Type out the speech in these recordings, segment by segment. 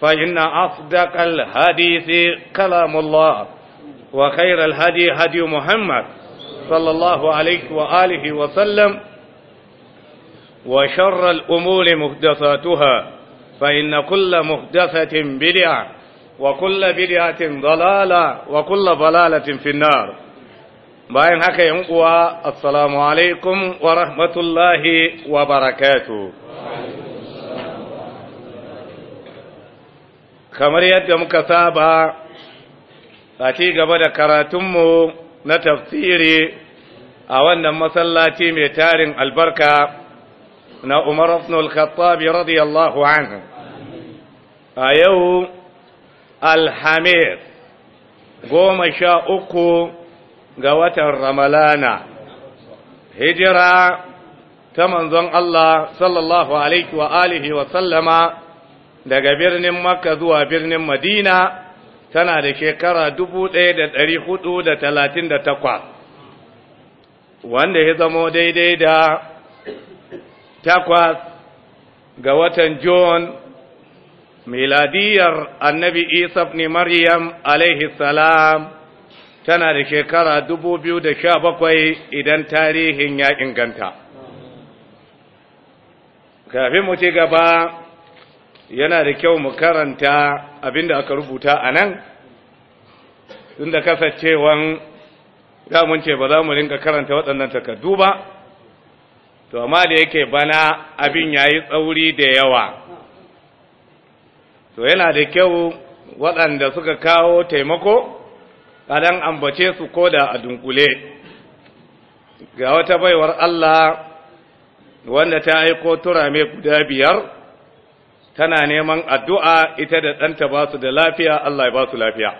فإن أصدق الحديث كلام الله وخير الهدي هدي محمد صلى الله عليه وآله وسلم وشر الأمور محدثاتها فإن كل محدثة بدعة وكل بدعة ضلالة وكل ضلالة في النار باين هكا السلام عليكم ورحمة الله وبركاته kamar yadda muka saba a ci gaba da karatunmu na tafsiri a wannan masallaci mai tarin albarka na Umar ibn al radiyallahu anhu a yau alhamis goma sha uku ga watan ramalana hijira ta manzon Allah sallallahu alaihi wa alihi wa sallama daga birnin makka zuwa birnin madina tana da shekara da takwas, wanda ya zamo daidai da takwas ga watan john miladiyar annabi isa ne maryam alaihi salam tana da shekara bakwai idan tarihin ya inganta kafin mu ci gaba yana da kyau mu karanta abin da aka rubuta a nan tun da kasancewan damun ce ba za mu rinka karanta waɗannan takardu ba to amma da yake bana abin ya yi tsauri da yawa to yana da kyau waɗanda suka kawo taimako ɗan ambace su ko da a dunkule ga wata baiwar Allah wanda ta aiko turame guda biyar tana neman addu'a ita da ɗanta ba su da lafiya Allah ya ba su lafiya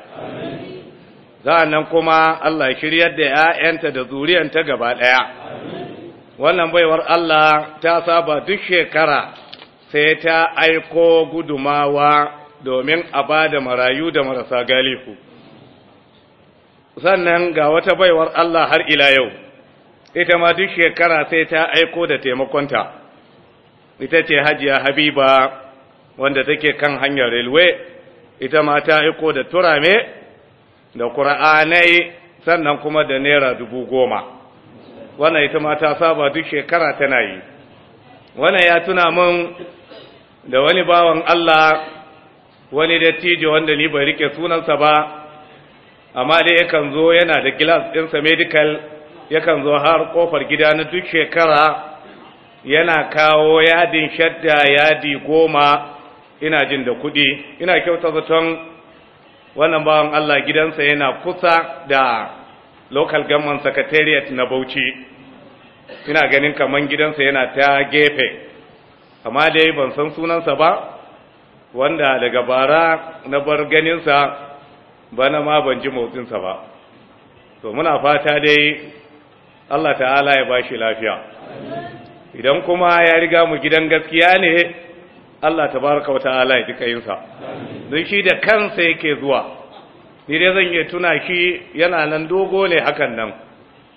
nan kuma Allah ya shiryar da ‘ya'yanta da zuriyanta gaba ɗaya wannan baiwar Allah ta saba duk shekara sai ta aiko gudumawa domin a ba da marayu da marasa galifu sannan ga wata baiwar Allah har ila yau ita ma duk shekara sai ta aiko da taimakonta ita ce hajiya habiba wanda take kan hanyar railway ita ma ta iko da turame da ƙura'anai sannan kuma da naira dubu goma wannan ita ma ta saba duk shekara tana yi wannan ya tuna min da wani bawan Allah wani dattijo wanda ni bai rike sunansa ba amma dai yakan zo yana da gilas ɗinsa medical yakan zo har ƙofar gida na duk shekara yana kawo yadin shadda yadi goma ina jin da kuɗi ina kyauta zaton wannan bawan Allah gidansa yana kusa da local government secretariat na Bauchi ina ganin kaman gidansa yana ta gefe amma dai ban san sunansa ba wanda daga bara na bar ganinsa bana ma ban ji motsinsa ba to muna fata dai Allah ta'ala ya bashi lafiya idan kuma ya riga mu gidan gaskiya ne Allah ta baraka wa ta'ala ya ji yinsa, don shi da kansa yake zuwa ni dai zan iya tuna shi yana nan dogo ne hakan nan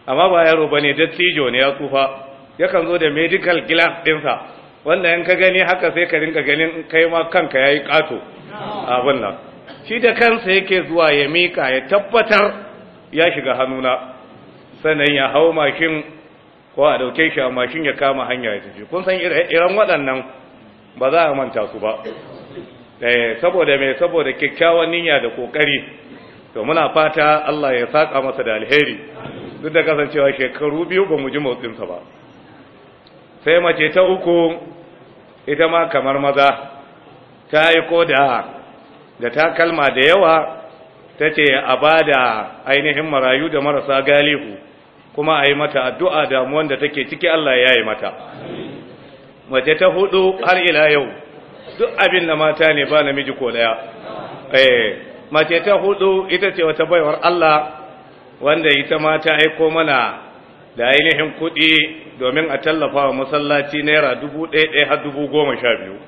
amma ba yaro ba ne, dattijo ne ya tsufa yakan zo da medical glass ɗinsa wanda yan ka gani haka sai ka rinka ganin kai ma kanka ya yayi kato abin nan shi da kansa yake zuwa ya mika ya tabbatar ya shiga hannuna sannan ya hau mashin ko a ɗauke shi a mashin ya kama hanya ya tafi kun san irin waɗannan ba za a manta su ba eh, saboda mai saboda kyakkyawan niyya da kokari to muna fata Allah ya saka masa da alheri duk da kasancewa shekaru biyu ba mu ji motsinsa ba sai mace ta uku ita ma kamar maza ta yi koda da takalma da yawa ta ce a ba da ainihin marayu da marasa galihu kuma a yi mata addu'a damuwan da take ciki Allah ya yi mata mace ta hudu har ila yau duk abin da mata ne ba namiji ko daya eh, mace ta hudu ita ce wata baiwar Allah wanda ita ma ta aiko mana da ainihin kuɗi domin a tallafa wa masallaci naira dubu ɗaya ɗaya har dubu goma sha biyu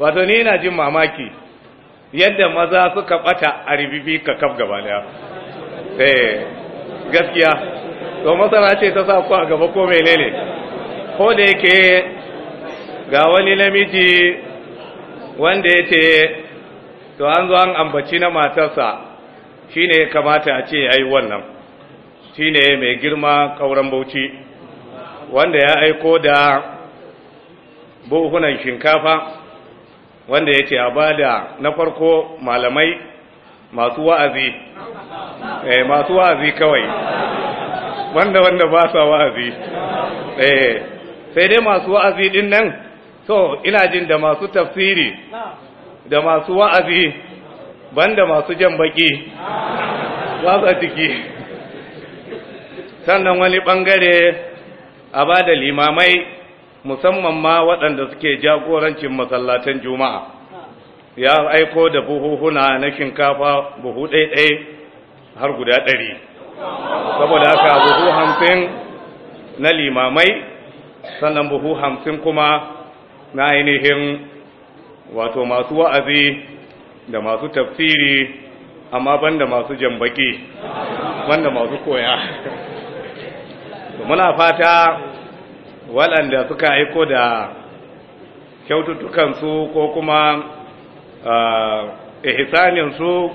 wato ni na jin mamaki yadda maza suka ɓata a ribibi ka kaf gaba daya eh, gaskiya to masana ce ta sa ku a gaba ko mai lele ko da yake ga wani namiji wanda ya ce to an zo an ambaci na matarsa shi ne kamata a ce ya yi wannan shi ne mai girma ƙauran bauchi wanda ya aiko da buhunan shinkafa wanda ya ce a ba da na farko malamai masu wa'azi eh masu wa'azi kawai wanda wanda ba sa wa'azi eh sai dai masu wa'azi din nan so ina jin da masu tafsiri da masu wa'azi banda masu jan baki watsa ciki sannan wani bangare a ba da limamai musamman ma waɗanda suke jagorancin masallatan juma'a ya aiko da buhuhuna na shinkafa buhu ɗaiɗai har guda ɗari saboda aka buhu hamsin na limamai sannan buhu hamsin kuma na ainihin wato masu wa'azi da masu tafsiri amma banda masu jambaki banda masu koya muna fata waɗanda suka aiko da kyaututtukansu ko kuma ihsaninsu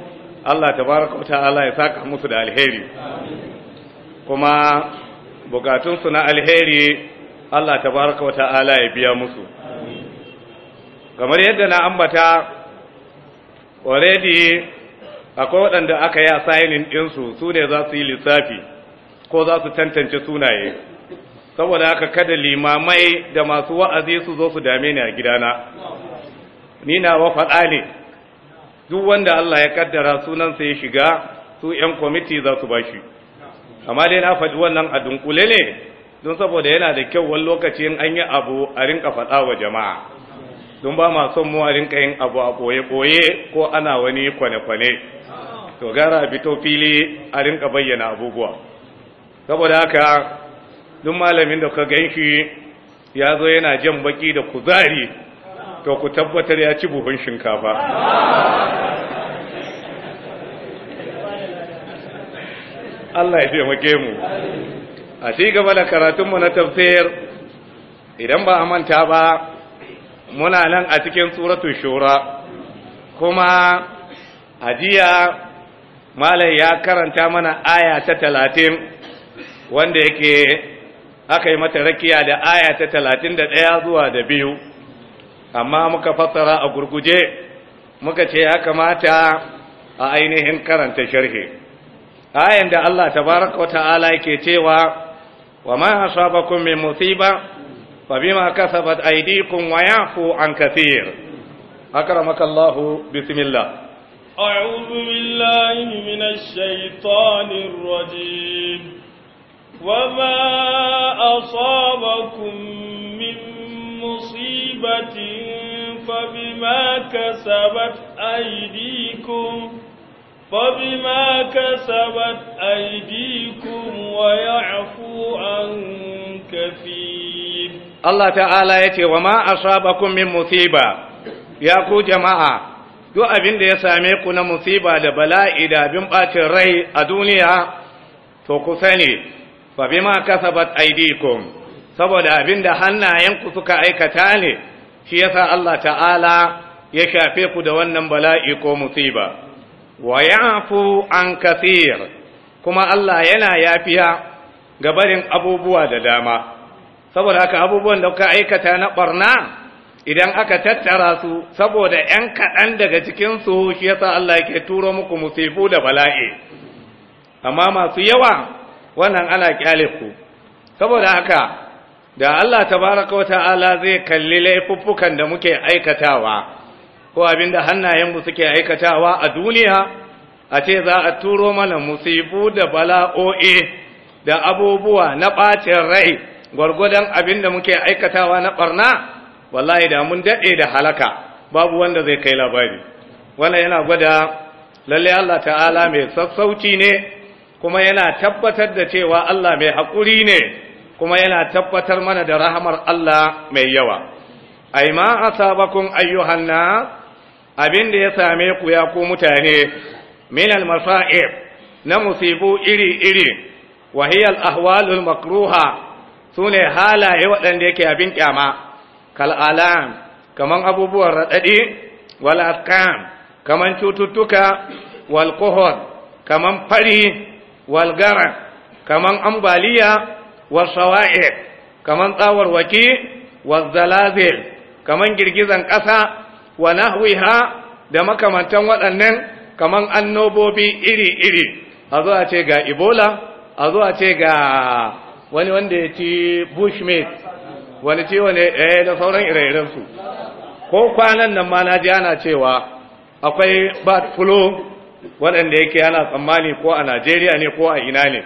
Allah tabaraka Allah ya saka musu da alheri kuma bukatunsu na alheri Allah tabaraka Allah ya biya musu kamar yadda na ambata already akwai waɗanda aka yi assigning ɗinsu su ne za su yi lissafi ko za su tantance sunaye saboda haka kada limamai da masu wa'azi su zo su dame ni a gidana ni na wa faɗa ne duk wanda Allah ya kaddara sunansa ya shiga su ‘yan kwamiti za su ba shi amma dai na faɗi wannan a dunkule ne don saboda yana da kyau wani lokaci in an yi abu a rinka faɗa wa jama'a don ba ma son mu a rinka yin abu a koye-koye ko ana wani kwane-kwane to gara a fito fili a rinka bayyana abubuwa saboda haka duk malamin da ka gan shi ya zo yana jan baki da kuzari to ku tabbatar ya ci buhun shinkafa Allah ya taimake mu a ci gaba da karatunmu na tafsir idan ba a manta ba muna nan a cikin suratun shura kuma ajiya malai ya karanta mana aya ta talatin wanda yake aka yi mata rakiya da aya ta talatin da ɗaya zuwa da biyu amma muka fassara a gurguje muka ce ya kamata a ainihin karanta sharhi ayan da Allah tabaraka wa ta'ala yake cewa wa ma asabakum min musiba فبما كسبت أيديكم ويعفو عن كثير أكرمك الله بسم الله أعوذ بالله من الشيطان الرجيم وما أصابكم من مصيبة فبما كسبت أيديكم فبما كسبت أيديكم ويعفو عن كثير الله تعالى يتي وما أصابكم من مصيبة يا كو جماعة duk abin da ya same ku na musiba da bala'i da abin ɓacin rai a duniya to ku sani fa bima kasabat aydikum saboda abin da hannayenku suka aikata ne shi yasa Allah ta'ala ya shafe ku da wannan bala'i ko musiba wa ya'fu an kathir kuma Allah yana yafiya ga barin abubuwa da dama saboda haka abubuwan da kuka aikata na barna idan aka tattara su saboda ‘yan kaɗan daga cikin su shi yasa Allah ke turo muku musifu da bala'i, amma masu yawa wannan ana kyale ku, saboda haka da Allah ta wa ta'ala zai kalli laifuffukan da muke aikatawa, ko abin da hannayenmu suke aikatawa a duniya a ce za a turo mana musibu da bala'o'i da abubuwa na ɓacin rai gwargwadon abin da muke aikatawa na ɓarna wallahi da mun daɗe da halaka babu wanda zai kai labari wannan yana gwada lallai Allah ta'ala mai sassauci ne kuma yana tabbatar da cewa Allah mai haƙuri ne kuma yana tabbatar mana da rahamar Allah mai yawa ai ma asabakum ayyuhan nas abin da ya same ku ya ku mutane min al-masa'ib na musibu iri-iri wa hiya al-ahwalul makruha sune halaye waɗanda yake abin kyama kal alam kaman abubuwan radadi wal aqam kaman cututtuka wal quhud kaman fari wal gara kaman ambaliya wal sawa'id kaman tsawarwaki wal zalazil kaman girgizan ƙasa wa nahwiha da makamantan waɗannan kaman annobobi iri-iri a zuwa ce ga ebola a zuwa ce ga wani wanda ya ci bushmate wani ci wani ɗaya da sauran ire ko kwanan nan ma na ji ana cewa akwai bad flu waɗanda yake ana tsammani ko a najeriya ne ko a ina ne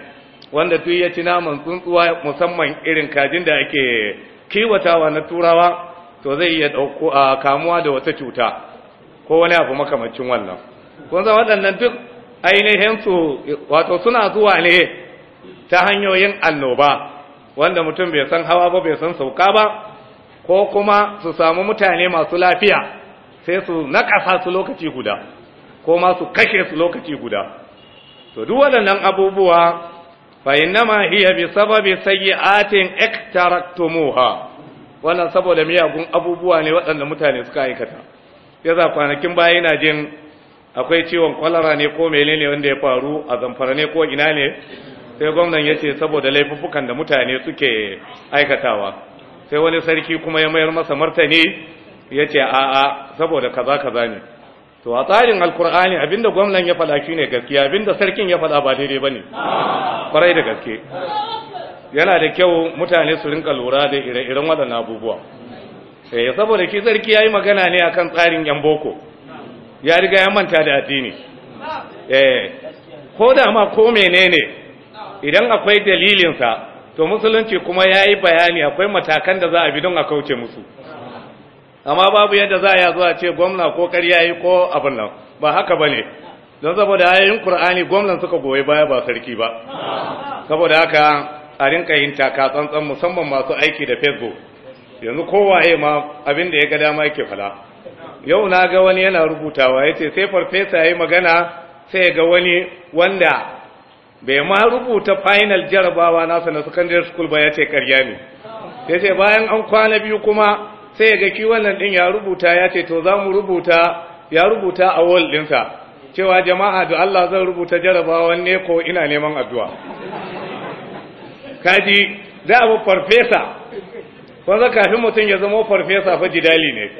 wanda tu ya ci naman tsuntsuwa musamman irin kajin da ake kiwatawa na turawa to zai iya kamuwa da wata cuta ko wani abu makamancin wannan kun san waɗannan duk ainihin su wato suna zuwa ne ta hanyoyin annoba wanda mutum bai san hawa ba bai san sauka ba ko kuma su samu mutane masu lafiya sai su nakasa su lokaci guda ko ma su kashe su lokaci guda to duk waɗannan abubuwa fa innama hiya bi sababi sayyi'atin iktaraktumuha wannan saboda miyagun abubuwa ne waɗanda mutane suka aikata ya za kwanakin baya yana jin akwai ciwon kwalara ne ko mele ne wanda ya faru a zamfara ne ko ina ne sai gwamnan ya ce saboda laifuffukan da mutane suke aikatawa sai wani sarki kuma ya mayar masa martani ya ce a'a saboda kaza kaza ne to a tsarin alkur'ani abinda gwamnan ya faɗa ne gaskiya abinda sarkin ya faɗa ba daidai ne kwarai da gaske yana da kyau mutane su rinka lura da ire-iren waɗannan abubuwa eh saboda ki sarki yi magana ne akan tsarin yan boko ya riga ya manta da addini eh ko da ma ko menene idan akwai dalilinsa to musulunci kuma yayi bayani akwai matakan da za a bi don a kauce musu amma babu yadda za a yi zuwa ce gwamna ko ƙarya yi ko abin nan ba haka bane don saboda ayoyin ƙur'ani gwamnan suka goyi baya ba sarki ba saboda haka a rinka yin taka tsantsan musamman masu aiki da facebook yanzu kowaye ma abin da ya ga dama yake fala yau na ga wani yana rubutawa ya ce sai farfesa ya yi magana sai ga wani wanda bai ma rubuta final jarabawa nasa na secondary school ba ya ce karya ne ya ce bayan an kwana biyu kuma sai ga ki wannan din ya rubuta ya ce to za mu rubuta ya rubuta a wall dinsa cewa jama'a da Allah zan rubuta jarabawan ne ko ina neman addu'a kaji za a farfesa wanda kafin mutum ya zama farfesa fa jidali ne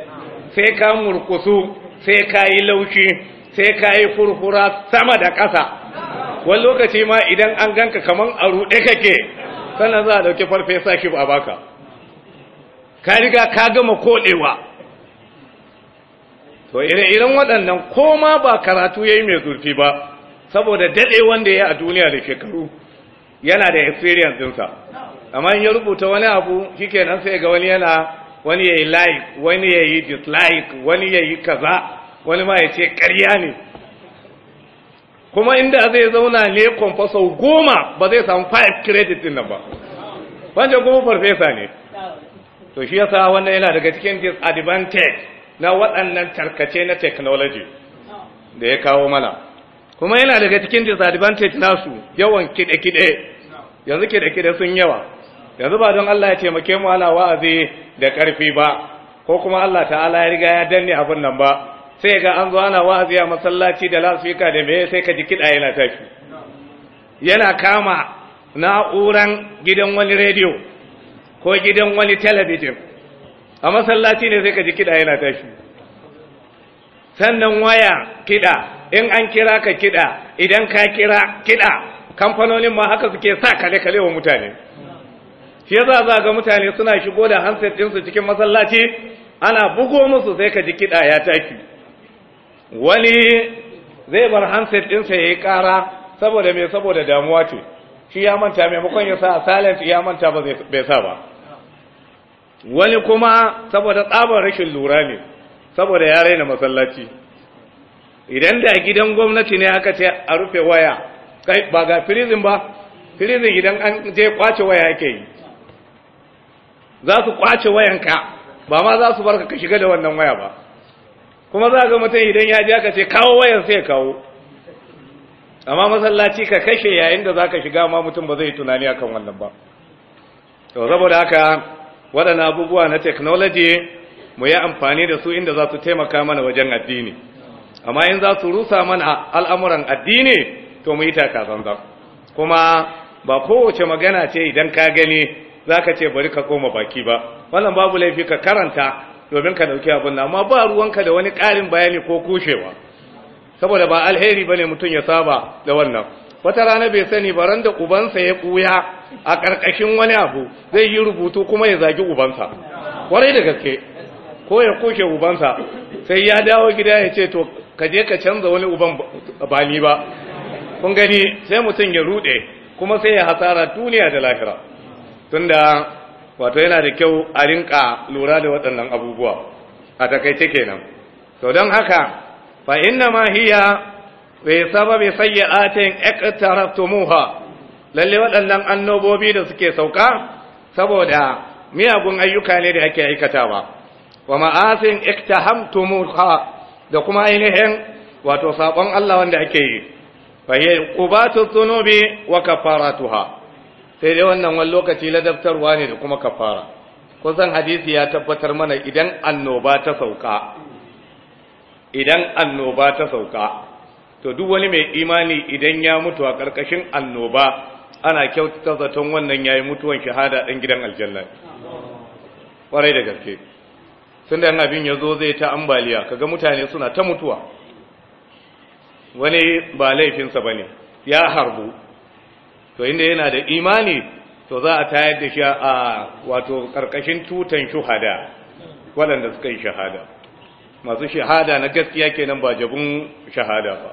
sai ka murkusu sai ka yi laushi sai ka yi furfura sama da ƙasa wani lokaci ma idan an ganka kamar a ruɗe kake sannan za a ɗauki farfesa shi a baka ka riga ka gama koɗewa to ire-iren waɗannan koma ba karatu ya yi mai zurfi ba saboda daɗe wanda ya a duniya da shekaru yana da experience dinsa amma in ya rubuta wani abu shikenan sai ga wani yana wani yayi like wani ya dislike wani ya kaza wani ma ya ce ƙarya ne kuma inda zai zauna ne fa goma ba zai samu five credit din nan ba wanda kuma farfesa ne to shi yasa wannan yana daga cikin disadvantage na waɗannan tarkace na technology da ya kawo mana kuma yana daga cikin disadvantage nasu yawan kide-kide yanzu ke da ke sun yawa yanzu ba don Allah ya taimake mu ala wa'azi da karfi ba ko kuma Allah ta'ala ya riga ya danne abin nan ba sai ga an zo ana wa'azi a masallaci da lasfika da me sai ka ji kida yana tashi yana kama na'uran gidan wani rediyo ko gidan wani talabijin a masallaci ne sai ka ji kida yana tashi sannan waya kiɗa in an kira ka kiɗa idan ka kira kiɗa kamfanonin ma haka suke sa kale-kale wa mutane shi yasa za ga mutane suna shigo da handset ɗinsu cikin masallaci ana bugo musu sai ka ji kiɗa ya taki wani zai bar handset ɗinsa ya yi ƙara saboda mai saboda damuwa ce shi ya manta maimakon ya sa silent ya manta ba bai sa ba wani kuma saboda tsabar rashin lura ne saboda ya raina masallaci idan da gidan gwamnati ne aka ce a rufe waya kai ba ga firizin ba firizin idan an je kwace waya yake yi za su kwace wayanka ba ma za su barka ka shiga da wannan waya ba kuma za ga mutum idan ya ji aka ce kawo wayan sai kawo amma masallaci ka kashe yayin da za ka shiga ma mutum ba zai yi tunani akan wannan ba to saboda haka waɗannan abubuwa na technology mu yi amfani da su inda za su taimaka mana wajen addini amma in za su rusa mana al'amuran addini to mu yi zanzan. kuma ba kowace magana ce idan ka gani za ka ce bari ka koma baki ba wannan babu laifi ka karanta domin ka dauki abin nan amma ba ruwanka da wani ƙarin bayani ko kushewa saboda ba alheri ne mutum ya saba da wannan wata rana bai sani ba da ubansa ya ƙuya a ƙarƙashin wani abu zai yi rubutu kuma ya zagi ubansa kwarai da gaske ko ya kushe ubansa sai ya dawo gida ya ce to ka je ka canza wani uban ba ni ba kun gani sai mutum ya rude kuma sai ya hasara duniya da lahira tunda wato yana da kyau a rinka lura da waɗannan abubuwa a takaice kenan to don haka fa inna ma hiya bi sababi sayyi'atin iqtaraftumuha lalle waɗannan annobobi da suke sauka saboda miyagun ayyuka ne da ake aikatawa wa ma'asin iqtahamtumuha da kuma ainihin wato sabon Allah wanda ake yi fa hiya qubatu dhunubi sai dai wannan wani lokaci ladabtarwa ne da kuma kafara kusan hadisi ya tabbatar mana idan annoba ta sauka idan annoba ta sauka to duk wani mai imani idan ya mutu a ƙarƙashin annoba ana kyautata zaton wannan yayi mutuwan shahada ɗan gidan aljanna ƙwarai da gaske sun da abin ya zo zai ta ambaliya kaga mutane suna ta mutuwa wani ba laifinsa ba ne ya harbu to inda yana da imani to za a tayar da shi a wato ƙarƙashin tutan shuhada waɗanda suka yi shahada masu shahada na gaskiya kenan ba jabun shahada ba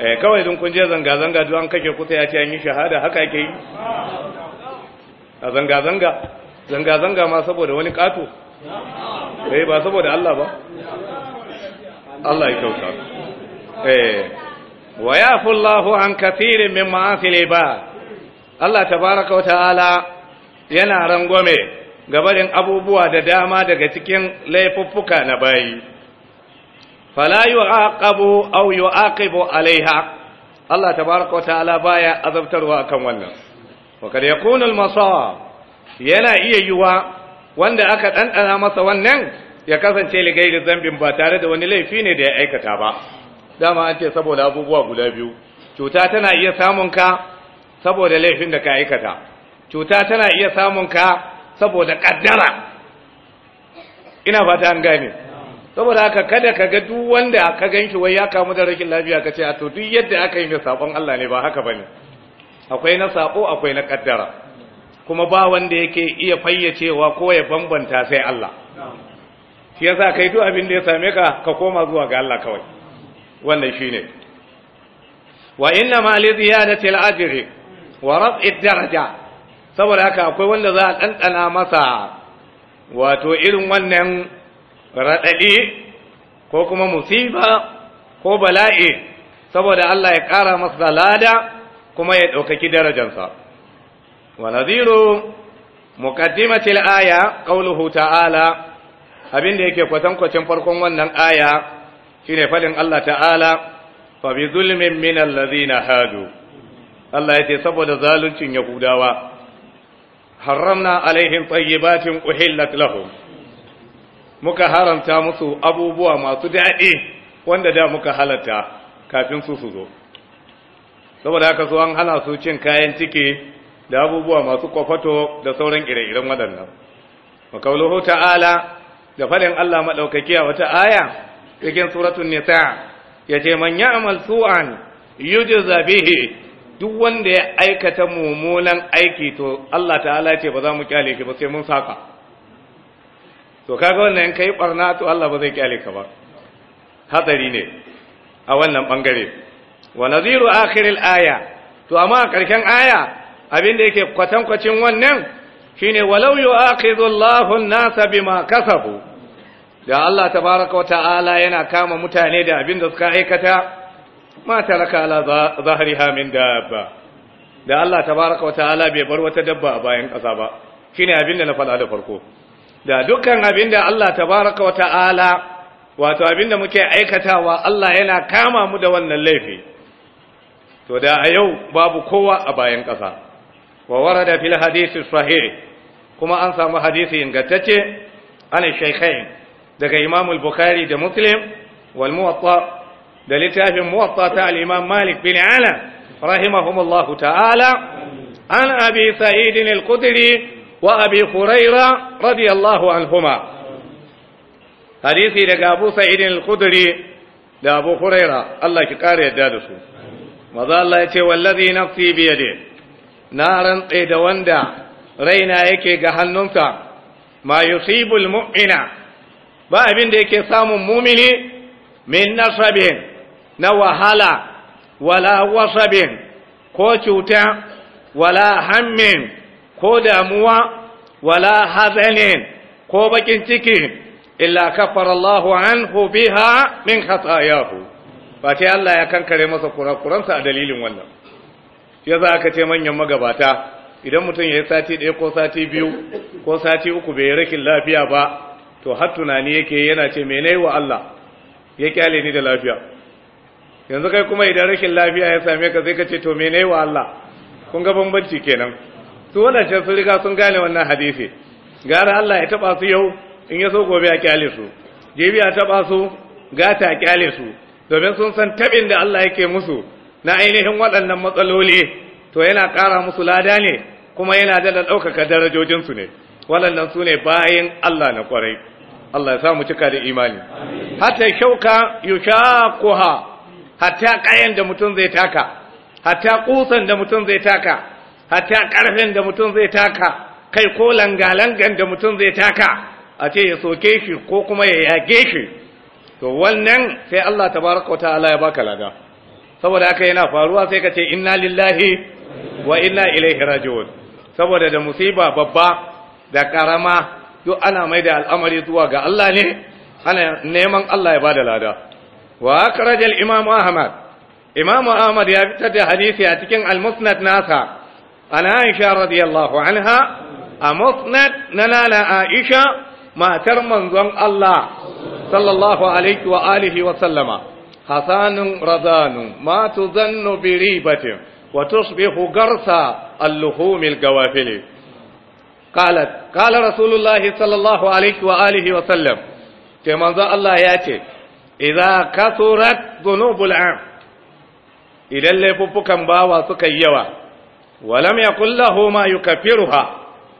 eh kawai dun kun je zanga-zanga an kashe kusa ya ce an yi shahada haka yake yi a zanga-zanga zanga-zanga ma saboda wani kato eh ba saboda Allah ba Allah ya kyauta Eh. wa fi Allahu an kathirin min ma'asil ba Allah tabaraka wa ta'ala yana rangwame gabarin abubuwa da dama daga cikin laifuffuka na bayi fala yu'aqabu a yu'aqibu alaiha Allah tabaraka wa ta'ala baya azabtarwa kan wannan wa ya kunul yana iya yiwa wanda aka ɗanɗana masa wannan ya kasance da zambin ba tare da wani laifi ne da ya aikata ba dama an ce saboda abubuwa guda biyu cuta tana iya samun ka saboda laifin da ka aikata cuta tana iya samun ka saboda kaddara ina fata an gane saboda haka kada ka ga duk wanda ka ganki wai ya kamu da rikin lafiya ka ce a to duk yadda aka yi mai sabon Allah ne ba haka bane akwai na sako akwai na kaddara kuma ba wanda yake iya fayyacewa ko ya bambanta sai Allah shi yasa kai duk abin da ya same ka ka koma zuwa ga Allah kawai wannan shine wa inna ma li ziyadati al wa raf'i daraja saboda haka akwai wanda za a dandana masa wato irin wannan radadi ko kuma musiba ko bala'i saboda Allah ya ƙara masa lada kuma ya ɗaukaki darajarsa wa nadhiru muqaddimati aya qawluhu ta'ala abinda yake kwatankwacin farkon wannan aya shine faɗin Allah ta'ala fa bi zulmin min allazina hadu Allah ya ce saboda zaluncin yahudawa haramna alaihim tayyibatin uhillat lahum muka haramta musu abubuwa masu daɗi wanda da muka halatta kafin su su zo saboda haka su an hana su cin kayan ciki da abubuwa masu kwafato da sauran ire-iren waɗannan makauluhu ta'ala da faɗin Allah maɗaukaki a wata aya yake suratun nisa ya ce man ya'mal su'an yujza bihi duk wanda ya aikata mummunan aiki to Allah ta'ala ce ba za mu kyale ki ba sai mun saka to kaga wannan in kai barna to Allah ba zai kyale ka ba Hadari ne a wannan bangare wa nadhiru akhiril aya to amma a karshen aya abin da yake kwatankwacin wannan shine walau yu'akhidhu Allahu an-nasa bima kasabu da Allah tabaraka wa ta'ala yana kama mutane da abin da suka aikata mata taraka ala zahriha min dabba da Allah tabaraka wa ta'ala bai bar wata dabba a bayan ƙasa ba ne abin da na faɗa da farko da dukkan abin da Allah tabaraka wa ta'ala wato abin da muke aikatawa Allah yana kama mu da wannan laifi to da a yau babu kowa a bayan ƙasa wa da fil hadisi sahih kuma an samu hadisi ingantacce an shaykhain daga Imam al-Bukhari da Muslim wal Muwatta da littafin Muwatta ta al-Imam Malik bin Anas rahimahumullahu ta'ala an Abi Sa'id al-Khudri wa Abi Hurairah radiyallahu anhuma hadisi daga Abu Sa'id al-Khudri da Abu Hurairah Allah ki kare yadda da su maza Allah ya ce wallazi nafsi bi yadi na rantsa da wanda raina yake ga hannunka ma yusibul mu'mina ba abin da yake samun mumini min nasabin na wahala wala wasabin ko cuta wala hammin ko damuwa wala hazanin ko bakin ciki illa kafara Allahu anhu biha min khatayahu ba ta Allah ya kankare masa kurakuransa a dalilin wannan ya za ka ce manyan magabata idan mutum ya yi sati ɗaya ko sati biyu ko sati uku bai yi rakin lafiya ba to har tunani yake yana ce me wa Allah ya kyale ni da lafiya yanzu kai kuma idan rashin lafiya ya same ka sai ka ce to me wa Allah kun ga bambanci kenan su wadancan sun riga sun gane wannan hadisi gara Allah ya taba su yau in ya so gobe a kyale su jibi ya taba su gata ta kyale su domin sun san tabin da Allah yake musu na ainihin waɗannan matsaloli to yana ƙara musu lada ne kuma yana da ɗaukaka darajojinsu ne waɗannan su ne bayan Allah na kwarai Allah ya samu cika da imani hatta shauka kuwa, hatta kayan da mutum zai taka hatta kusan da mutum zai taka hatta karfen da mutum zai taka kai ko langa-langan da mutum zai taka a ce ya soke shi ko kuma ya yage shi to wannan sai Allah ta tabaraka ta'ala ya baka lada saboda haka yana faruwa sai ka ce inna lillahi wa inna ilaihi raji'un saboda da musiba babba da karama duk ana mai da al'amari zuwa ga Allah ne ana neman Allah ya bada lada wa akhraja al-imam ahmad imam ahmad ya fitar da hadisi a cikin al-musnad nasa an aisha radiyallahu anha a musnad na nana aisha matar manzon Allah sallallahu alaihi wa alihi wa sallama hasanun razanun ma zannu bi ribatin wa tusbihu garsa al-luhumil gawafili qalat qala sallallahu alaihi wa wa sallam sai manzo Allah ya ce idza idan laifuffukan bawa suka yi yawa walam yakul lahu ma yukaffiruha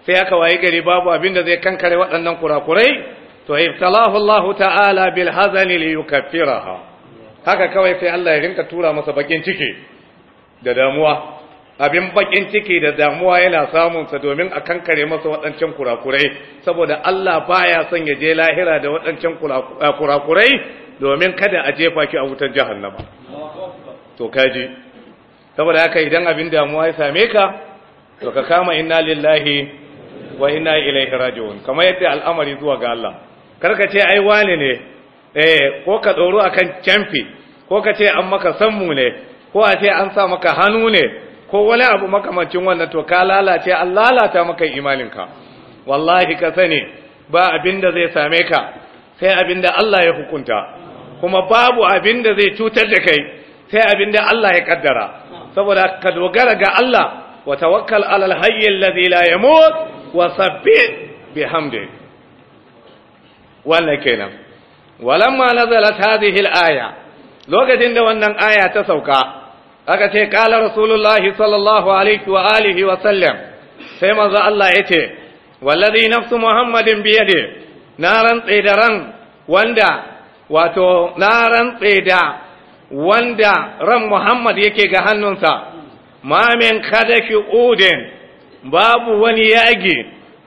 sai aka wayi gari babu abin da zai kankare waɗannan kurakurai to ta'ala bil hazani li haka kawai sai Allah ya rinka tura masa bakin ciki da damuwa abin bakin ciki da damuwa yana samunsa domin a kankare masa waɗancan kurakurai saboda Allah baya son ya je lahira da waɗancan eh, kurakurai domin kada a jefa ki a wutar jahannama to kaji saboda haka idan abin damuwa ya same ka to ka kama inna lillahi wa inna ilaihi raji'un kamar yadda al'amari zuwa ga Allah karka ce ai wani ne eh ko ka doro akan canfi ko ka ce an maka sammu ne ko a ce an sa maka hannu ne ko wani abu makamacin wannan to ka lalace an lalata maka imaninka wallahi ka sani ba abin da zai same ka sai abin da Allah ya hukunta kuma babu abin da zai cutar da kai sai abin da Allah ya kaddara saboda ka dogara ga Allah wa tawakkal alal hayy alladhi la yamut wa sabbih bihamdi wannan kenan walamma nazalat hadhihi al-aya lokacin da wannan aya ta sauka aka ce kala rasulullahi sallallahu alaihi wa alihi wa sallam sai manzo Allah ya ce wallazi nafsu muhammadin bi yadi na rantse wanda wato na rantse wanda ran muhammad yake ga hannunsa ma min kadafi udin babu wani yagi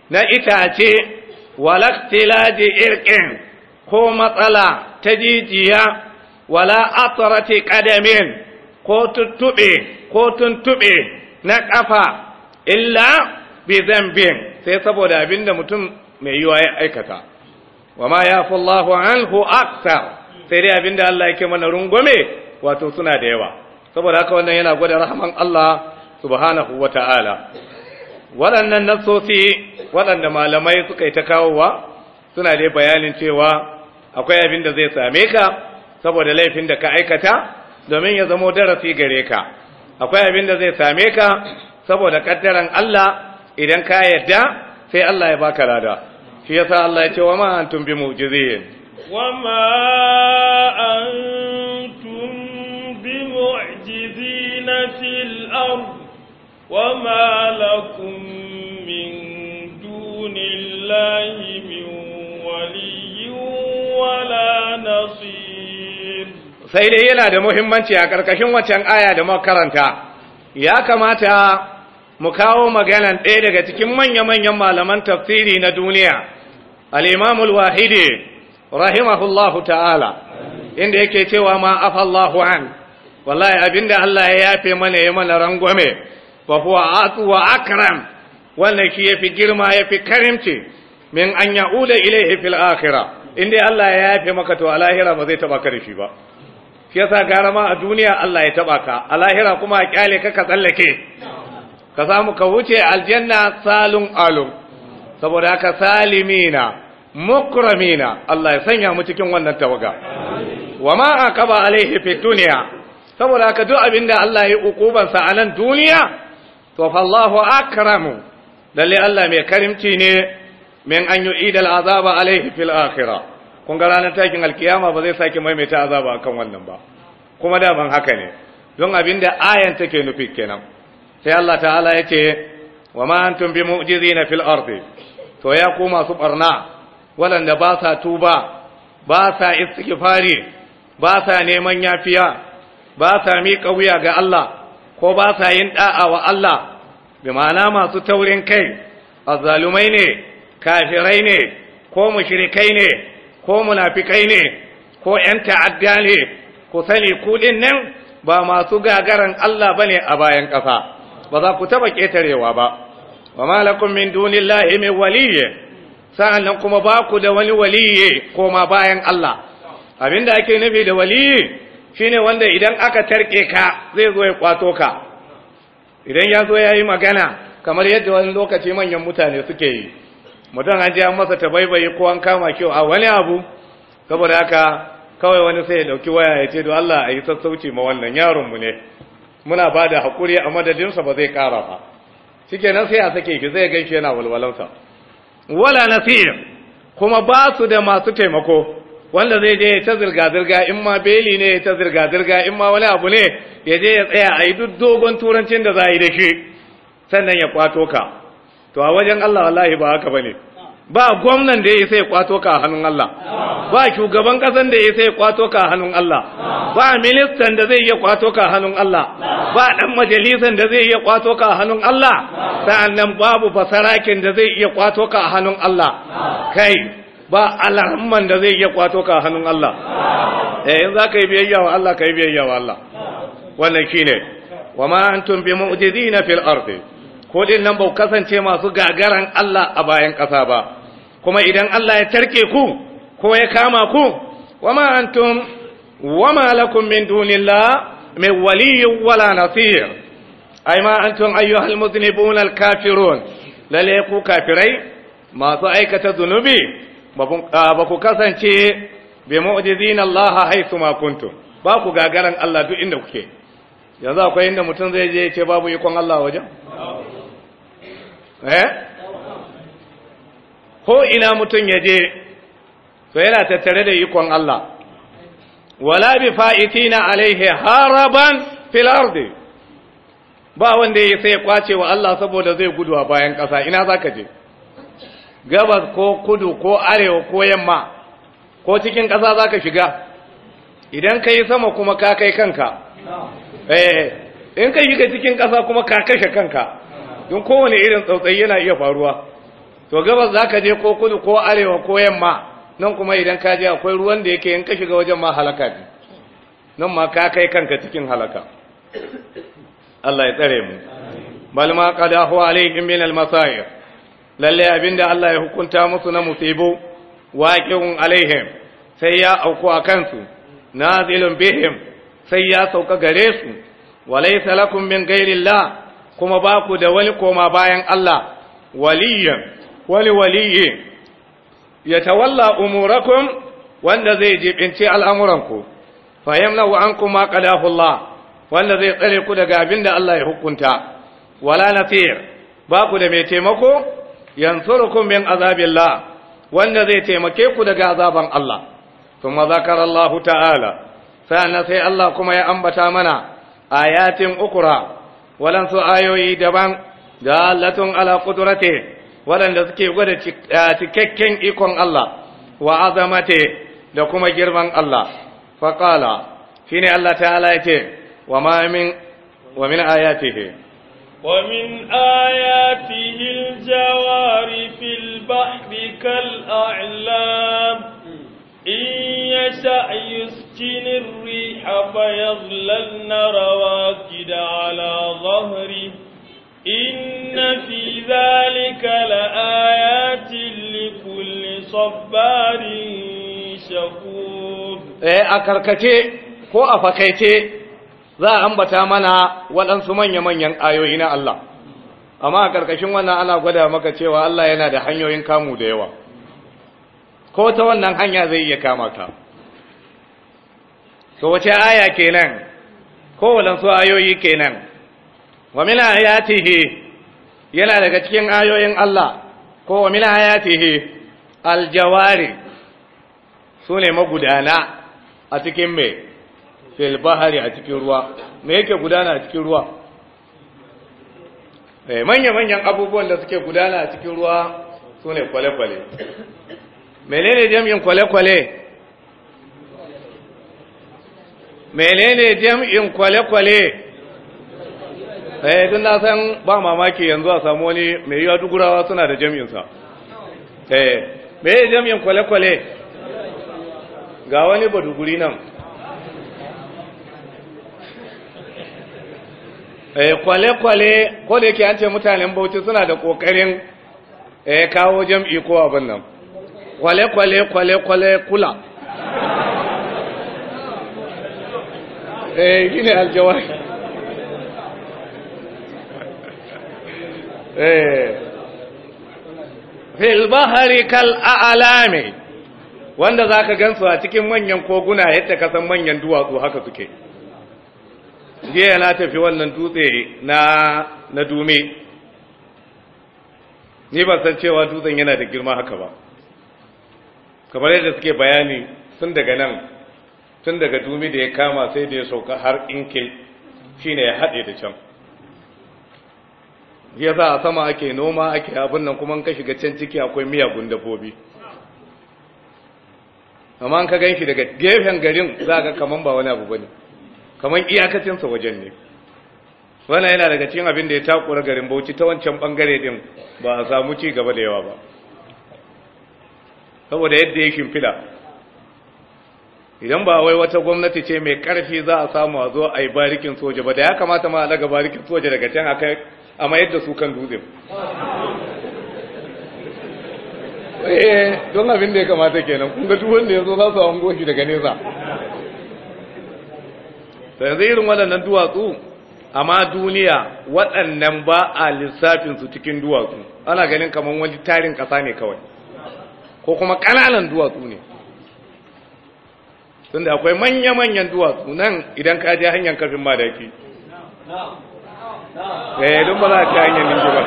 na itace walaktilaji irqin ko matsala ta jijiya wala atrati qadamin ko tuttuɓe ko tuntuɓe na ƙafa illa bi zambin sai saboda abin da mutum mai yiwa ya aikata wa ma ya fi Allahu anhu aksar sai dai abin da Allah yake mana rungume wato suna da yawa saboda haka wannan yana gwada rahman Allah subhanahu wa ta'ala waɗannan nassosi waɗanda malamai suka yi ta kawowa suna dai bayanin cewa akwai abin da zai same ka saboda laifin da ka aikata domin ya zamo darasi gare ka akwai abin da zai same ka saboda kaddaran Allah idan ka yadda sai Allah ya baka rada. shi yasa Allah ya ce wa ma antum bi mu'jizin wa ma antum bi mu'jizin fil ard wa ma lakum min dunillahi min waliyyin wala nasir sai dai yana da muhimmanci a ƙarƙashin waccan aya da makaranta ya kamata mu kawo maganan ɗaya daga cikin manya-manyan malaman tafsiri na duniya al'imamul wahidi rahimahullahu ta'ala inda yake cewa ma afallahu an wallahi abinda Allah ya yafe mana ya mana rangwame ba kuwa atu akram wannan shi yafi girma yafi karimci min an ya'ula ilaihi fil akhirah inda Allah ya yafe maka to a lahira ba zai taba karfi ba shi yasa gara ma a duniya Allah ya taba ka a lahira kuma a kyale ka ka tsallake ka samu ka wuce aljanna salun alum saboda haka salimina mukramina Allah ya sanya mu cikin wannan tawaga wa ma aqaba alaihi fi dunya saboda haka duk abinda Allah ya yi sa a nan duniya to fa Allahu akramu lalle Allah mai karimci ne min an yu'ida azaba alaihi fil akhirah kun ga ranar takin alkiyama ba zai sake maimaita azaba kan wannan ba kuma da ban haka ne don abin da ayan take nufi kenan sai Allah ta'ala ya ce wa ma antum bi mu'jizina fil ardi to ya ku masu barna walanda ba sa tuba ba sa istighfari ba sa neman yafiya ba sa miƙa wuya ga Allah ko ba sa yin da'a wa Allah bi ma'ana masu taurin kai azzalumai ne kafirai ne ko mushrikai ne ko munafikai ne ko ‘yan ta'adda ne ku sani kuɗin nan ba masu gagaran Allah ba ne a bayan ƙasa ba za ku taɓa ƙetarewa ba wa malakun min dunin lahi mai sa'an nan kuma ba ku da wani waliye ko ma bayan Allah abin da ake nufi da waliye shine wanda idan aka tarke ka zai zo ya kwato ka idan ya zo ya yi magana kamar yadda wani lokaci manyan mutane suke yi mutum an ji an masa tabaibaye ko an kama kyau a wani abu saboda haka kawai wani sai ya dauki waya ya ce do Allah a yi sassauci ma wannan yaron mu ne muna ba da haƙuri a madadinsa ba zai ƙara ba nan sai a sake ki zai gaishe yana walwalansa wala nasir kuma ba su da masu taimako wanda zai je ta zirga-zirga in ma beli ne ta zirga-zirga in ma wani abu ne ya je ya tsaya a yi duk dogon turancin da za a yi da shi sannan ya kwato ka to a wajen Allah wallahi ba haka bane ba gwamnan da ya sai kwato ka hannun Allah ba shugaban kasan da ya sai kwato ka hannun Allah ba ministan da zai iya kwato ka hannun Allah ba dan majalisan da zai iya kwato ka hannun Allah sa'annan babu basarakin da zai iya kwato ka hannun Allah kai ba alhamman da zai iya kwato ka hannun Allah eh in za ka yi biyayya wa Allah ka yi biyayya wa Allah wannan shine wa ma antum bi mu'jizina fil ardi ko din nan ba ku kasance masu gagaran Allah a bayan ƙasa ba kuma idan Allah ya tarke ku ko ya kama ku wama antum wama lakum min dunillah min waliyyin wala nasir ai ma antum ayyuhal muznibun al kafirun lalle ku kafirai masu aikata zunubi ba ku kasance bi mu'jizin Allah haitsu ma kuntum ba ku gagaran Allah duk inda kuke yanzu akwai inda mutum zai je ya ce babu ikon Allah wajen Eh? ko ina mutum ya je to yana tattare da ikon Allah wala bi fa'itina alaihi haraban fil ardi ba wanda ya sai kwace wa Allah saboda zai gudu a bayan ƙasa ina zaka je gabas ko kudu ko arewa ko yamma ko cikin ƙasa zaka shiga idan ka sama kuma ka kai kanka eh in ka shiga cikin ƙasa kuma ka kashe kanka don kowane irin tsautsayi yana iya faruwa to gabas za ka je ko kudu ko arewa ko yamma nan kuma idan ka je akwai ruwan da yake in ka shiga wajen ma halaka ne nan ma ka kai kanka cikin halaka Allah ya tsare mu bal ma qad ahwa alaykum min al lalle abinda Allah ya hukunta musu na musibo waqi'un alaihim sai ya auku akan su nazilun bihim sai ya sauka gare su walaysa lakum min ghairillah kuma ba ku da wani koma bayan Allah waliyan wani waliyi ya tawalla umurakum wanda zai jibinci al'amuranku fahimna wa an kuma wanda zai tsare ku daga abin da Allah ya hukunta wala nasir ba ku da mai taimako yansurukum azabin la, wanda zai taimake ku daga azaban Allah thumma zakara Allah ta'ala sa'an sai Allah kuma ya ambata mana ayatin ukura. waɗansu ayoyi daban da allatun ala kudurate waɗanda suke gwada eh, cikakken ikon Allah wa azamate da kuma girman Allah faƙala shi ne Allah ta'ala ya ce wa ma'amin wa min ayatihi ومن آياته الجوار في البحر كالأعلام إن يشأ يسكن الريح فيظللن رواكد على ظهره إن في ذلك لآيات لكل صبار شكور إيه أكركتي ko a fakaice za a ambata mana waɗansu manya-manyan ayoyi na Allah amma a ƙarƙashin wannan ana gwada maka cewa Allah yana da hanyoyin kamu da yawa ko ta wannan hanya zai iya kama ka to wace aya kenan ko walansu ayoyi kenan wa min ayatihi yana daga cikin ayoyin Allah ko wa min ayatihi aljawari sune magudana a cikin mai fil bahari a cikin ruwa me yake gudana a cikin ruwa eh, manya-manyan abubuwan da suke gudana a cikin ruwa su ne kwale-kwale menene jam'in kwale-kwale menene jam'in kwale-kwale eh tun na san ba mamaki yanzu a samu wani mai yiwa dugurawa suna da jam'insa eh menene jam'in kwale-kwale ga wani baduguri nan eh kwale-kwale ko da yake an ce mutanen bauchi suna da kokarin eh, kawo jam'i ko abin nan kwale-kwale kwale-kwale kula eh gine aljawari eh fil bahari kal a'lami wanda zaka gansu a cikin manyan koguna yadda ka san manyan duwatsu haka suke jiya na tafi wannan dutse na dume ni ba san cewa dutsen yana da girma haka ba kamar yadda suke bayani tun daga nan tun daga dumi da ya kama sai da ya sauka har inkil shine ya haɗe da can ya za a sama ake noma ake abin nan kuma ka shiga can ciki akwai miyagun dabbobi amma an ka gan shi daga gefen garin za ga kaman ba wani abu ba ne kaman iyakacinsa wajen ne wannan yana daga cikin abin da ya takura garin bauchi ta wancan bangare din ba a samu ci gaba da yawa ba saboda yadda ya shimfida idan ba wai wata gwamnati ce mai karfi za a samu a zo a yi barikin soja ba da ya kamata ma daga barikin soja daga can aka a mayar da su kan dutse eh don abin da ya kamata kenan kun ga duk wanda ya zo za su hango shi daga nesa da yanzu irin waɗannan duwatsu amma duniya waɗannan ba a lissafinsu cikin duwatsu ana ganin kamar wani tarin ƙasa ne kawai ko kuma ƙananan duwatsu ne tunda akwai manya-manyan duwatsu nan idan ka je hanyar kafin madaki eh don ba za ka hanyar ninki ba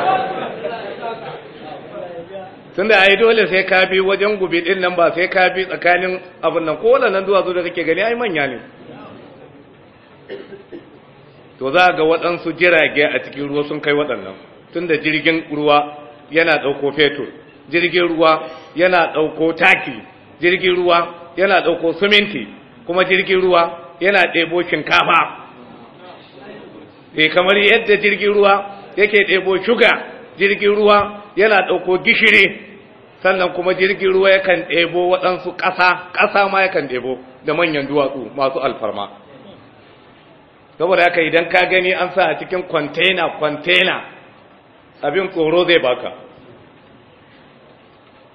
tunda yi dole sai ka bi wajen gube din nan ba sai ka bi tsakanin abin nan ko wannan duwatsu da kake gani ai manya ne to za ga waɗansu jirage a cikin ruwa sun kai waɗannan tunda jirgin ruwa yana ɗauko fetur jirgin ruwa yana ɗauko taki jirgin ruwa yana ɗauko suminti kuma jirgin ruwa yana ɗebo shinkafa e kamar yadda jirgin ruwa yake ɗebo shuga jirgin ruwa yana ɗauko gishiri sannan kuma jirgin ruwa yakan ɗebo waɗansu ƙasa ƙasa ma yakan ɗebo da manyan duwatsu masu alfarma saboda haka idan ka gani an sa a cikin kwantena kwantena abin tsoro zai baka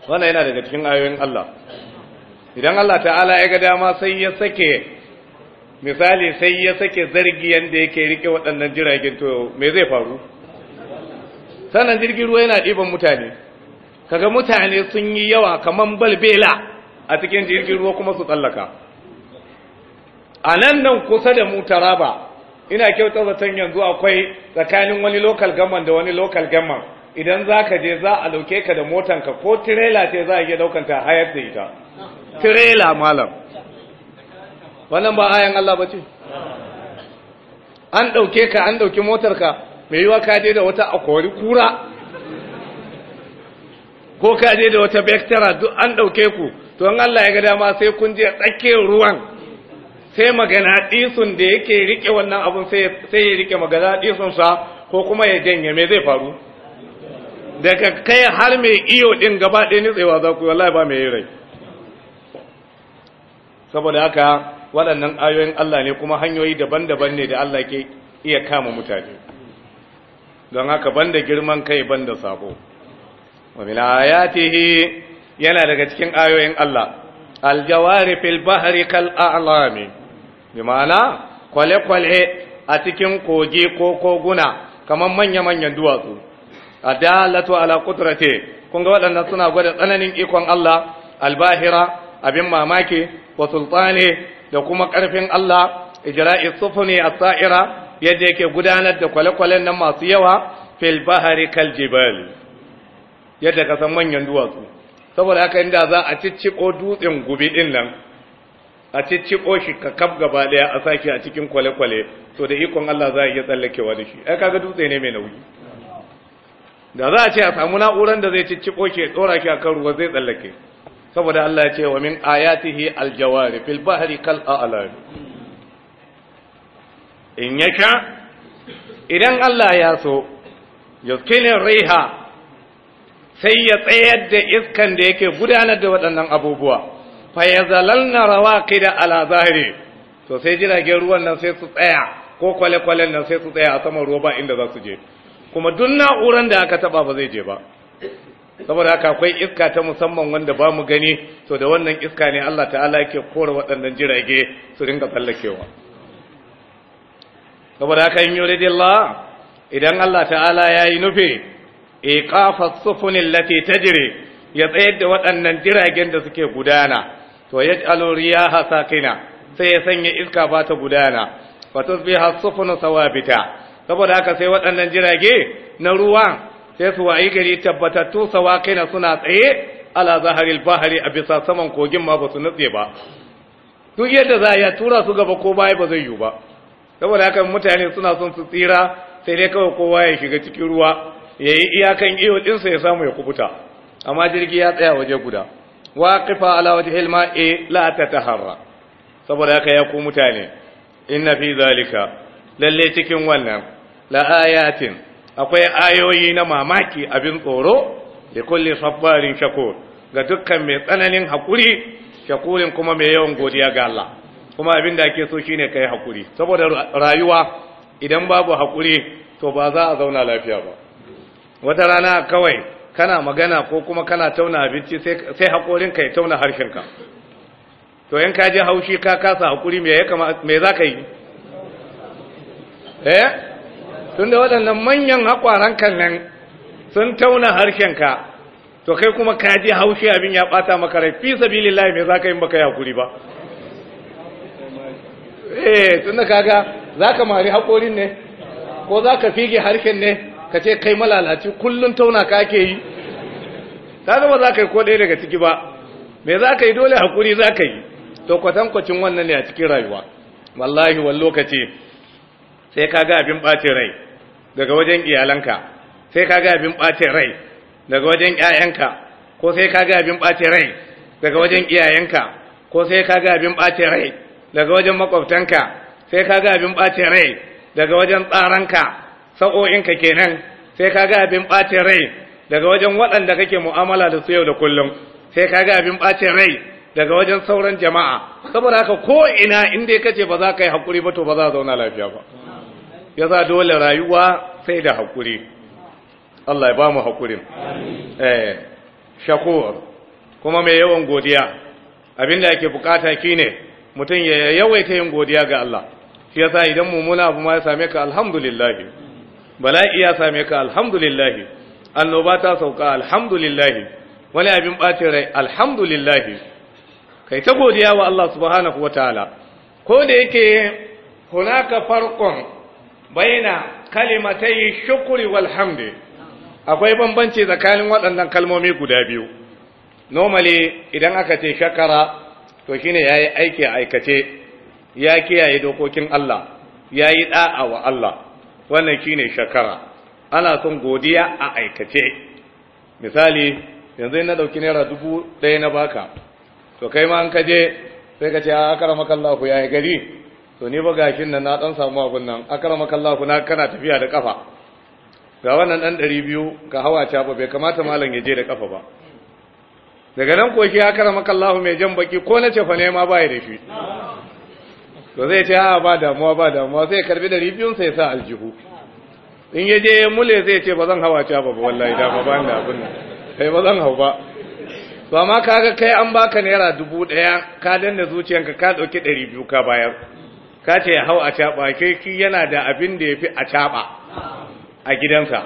wannan yana daga cikin ayoyin Allah idan Allah ta'ala ya ga dama sai ya sake misali sai ya sake zargi yanda yake rike waɗannan jiragen to me zai faru Sanan jirgin ruwa yana ɗiban mutane kaga mutane sun yi yawa kaman balbela a cikin jirgin ruwa kuma su tsallaka a nan nan kusa da mu taraba ina kyautar zaton yanzu akwai tsakanin wani local government da wani local government idan za ka je za a lauke ka da motanka ko tirela ce za a iya daukanta hayar da ita tirela malam wannan ba ayan Allah ba ce an ɗauke ka an ɗauki motarka mai yiwa ka je da wata akwari kura ko ka je da wata bektara duk an ɗauke ku to an Allah ya ga dama sai kun je tsakke ruwan sai magana ɗisun da yake rike wannan abun sai ya rike magana ɗisunsa ko kuma ya janye me zai faru daga kai har mai iyo ɗin gaba ɗaya nitsewa za ku wallahi ba mai rai saboda haka waɗannan ayoyin Allah ne kuma hanyoyi daban-daban ne da Allah ke iya kama mutane don haka banda girman kai banda sabo wa min ayatihi yana daga cikin ayoyin Allah aljawari fil bahri kal a'lami bi ma'ana kwale-kwale a cikin kogi ko koguna kamar manya-manyan duwatsu adalatu ala qudrati kun ga waɗannan suna gwada tsananin ikon Allah albahira abin mamaki wa sultani da kuma karfin Allah ijra'i sufuni as-sa'ira yadda yake gudanar da kwale-kwalen nan masu yawa fil bahari kal jibal yadda ka san manyan duwatsu saboda haka inda za a cicciko dutsen gubi din nan a cicciko shi ka kaf gaba daya a saki a cikin kwale-kwale to da ikon Allah za a iya tsallakewa da shi ai kaga dutse ne mai nauyi da za a ce a samu na'urar da zai cicciko shi dora shi kan ruwa zai tsallake saboda Allah ya ce wa min ayatihi aljawari fil bahri kal a'lam in yaka idan Allah ya so yuskilin riha sai ya tsayar da iskan da yake gudanar da waɗannan abubuwa fa ya zalalna rawaqi da ala zahiri to sai jiragen ruwan nan sai su tsaya ko kwale-kwalen nan sai su tsaya a saman ruwa ba inda za su je kuma duk na'uran da aka taba ba zai je ba saboda haka akwai iska ta musamman wanda ba mu gani to da wannan iska ne Allah ta'ala yake kora waɗannan jirage su dinga tsallakewa saboda haka in yuridillah idan Allah ta'ala ya yi nufi iqafat sufunin lati tajri ya tsayar da waɗannan jiragen da suke gudana to ya ya riyaha sakina sai ya sanya iska ba ta gudana fa tusbiha sufunu sawabita saboda haka sai waɗannan jirage na ruwa sai su wayi gari tabbatattu na suna tsaye ala zaharil bahari a bisa saman kogin ma ba su nutse ba duk yadda za ya tura su gaba ko baya ba zai yiwu ba saboda haka mutane suna son su tsira sai dai kawai kowa ya shiga cikin ruwa ya yi iyakan iyo ɗinsa ya samu ya kubuta amma jirgi ya tsaya waje guda waqifa ala wajhil ma'i la tataharra saboda haka ya ku mutane inna fi zalika lalle cikin wannan la'ayatin akwai ayoyi na mamaki abin tsoro da kulle sabbarin shakur ga dukkan mai tsananin haƙuri shakurin kuma mai yawan godiya ga Allah kuma abin da ake so shine kai haƙuri saboda rayuwa idan babu haƙuri to ba za a zauna lafiya ba wata rana kawai kana magana ko kuma kana tauna abinci sai haƙorin ka ya tauna harshenka to in ka je haushi ka kasa haƙuri me za ka yi eh tunda waɗannan manyan haƙwaran nan sun tauna harshenka to kai kuma ka ji haushi abin ya ɓata maka rai fi layi, me za ka yi baka yakuri ba eh tunda kaga za ka mari haƙorin ne ko za ka fige harshen ne ka ce kai malalaci kullum tauna ka ke yi Ta zama za ka yi ko ɗaya daga ciki ba me za ka yi dole haƙuri za ka yi to kwatankwacin wannan ne a cikin rayuwa wallahi wani lokaci sai ka ga abin ɓacin rai daga wajen iyalanka sai ka ga abin ɓace rai daga wajen ‘ya'yanka ko sai ka ga abin ɓace rai daga wajen iyayenka ko sai ka ga abin ɓace rai daga wajen makwabtanka sai ka ga abin ɓace rai daga wajen tsaranka sa'o'inka kenan sai ka ga abin ɓace rai daga wajen waɗanda kake mu'amala da su yau da kullum sai ka ga abin ɓace rai daga wajen sauran jama'a saboda haka ko ina in inda kace ba za ka yi hakuri ba to ba za a zauna lafiya ba ya za dole rayuwa sai da haƙuri Allah ya ba mu haƙurin eh, shakur kuma mai yawan godiya abinda yake bukata kine mutum ya yawaita yin godiya ga Allah shi yasa idan mummuna abu ma ya same ka alhamdulillah bala'i ya same ka alhamdulillah annoba ta sauka alhamdulillah wani abin ɓacin rai alhamdulillah kai ta godiya wa Allah subhanahu wataala ko da yake hunaka farkon baina kalimatai shukuri walhamdi akwai bambanci tsakanin waɗannan kalmomi guda biyu normally idan aka ce shakara to shine yayi aiki a aikace ya kiyaye dokokin Allah yayi da'a wa Allah wannan shine shakara ana son godiya a aikace misali yanzu na dauki naira dubu ɗaya na baka to kai ma an kaje sai ka ce a karamakallahu yayi gari to ni ba gashin nan na dan samu abun nan akrama kallahu na kana tafiya da kafa ga wannan dan 200 ka hawa ca ba bai kamata malam ya je da kafa ba daga nan ko ki akrama kallahu mai jan baki ko na cefa ne ma baya da shi to zai ce a ba damuwa ba damuwa sai karbi 200 sai sa aljihu in ya je mule zai ce ba zan hawa ca ba wallahi da ba ban da abun nan sai eh, ba zan hau ba to amma kaga kai an baka naira dubu ɗaya ka danna zuciyanka ka ɗauki 200 biyu ka bayar ka ce ya hau a caɓa ki yana da abin da ya fi a caɓa a gidansa